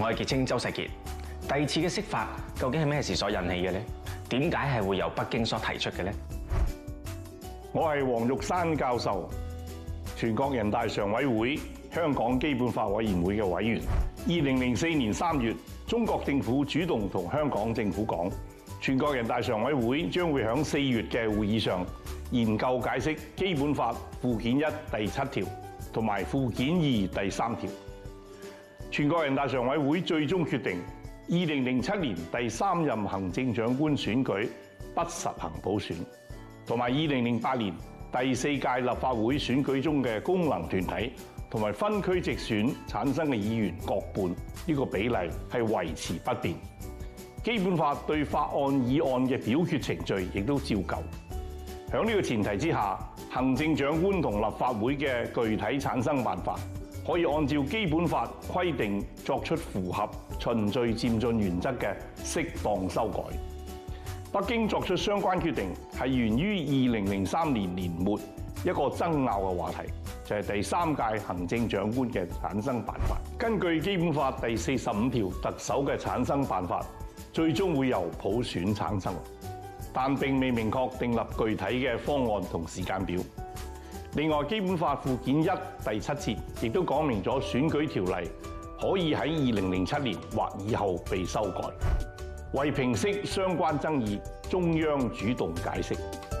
我係傑青周世傑。第二次嘅釋法究竟係咩事所引起嘅呢？點解係會由北京所提出嘅呢？我係黃玉山教授，全國人大常委會香港基本法委員會嘅委員。二零零四年三月，中國政府主動同香港政府講，全國人大常委會將會響四月嘅會議上研究解釋基本法附件一第七條同埋附件二第三條。全國人大常委會最終決定，二零零七年第三任行政長官選舉不實行普選，同埋二零零八年第四屆立法會選舉中嘅功能團體同埋分區直選產生嘅議員各半，呢個比例係維持不變。基本法對法案議案嘅表決程序亦都照舊。響呢個前提之下，行政長官同立法會嘅具體產生辦法，可以按照基本法規定作出符合循序漸進原則嘅適當修改。北京作出相關決定係源於二零零三年年末一個爭拗嘅話題，就係第三屆行政長官嘅產生辦法。根據基本法第四十五條，特首嘅產生辦法最終會由普選產生，但並未明確訂立具體嘅方案同時間表。另外，《基本法》附件一第七節亦都講明咗選舉條例可以喺二零零七年或以後被修改，為平息相關爭議，中央主動解釋。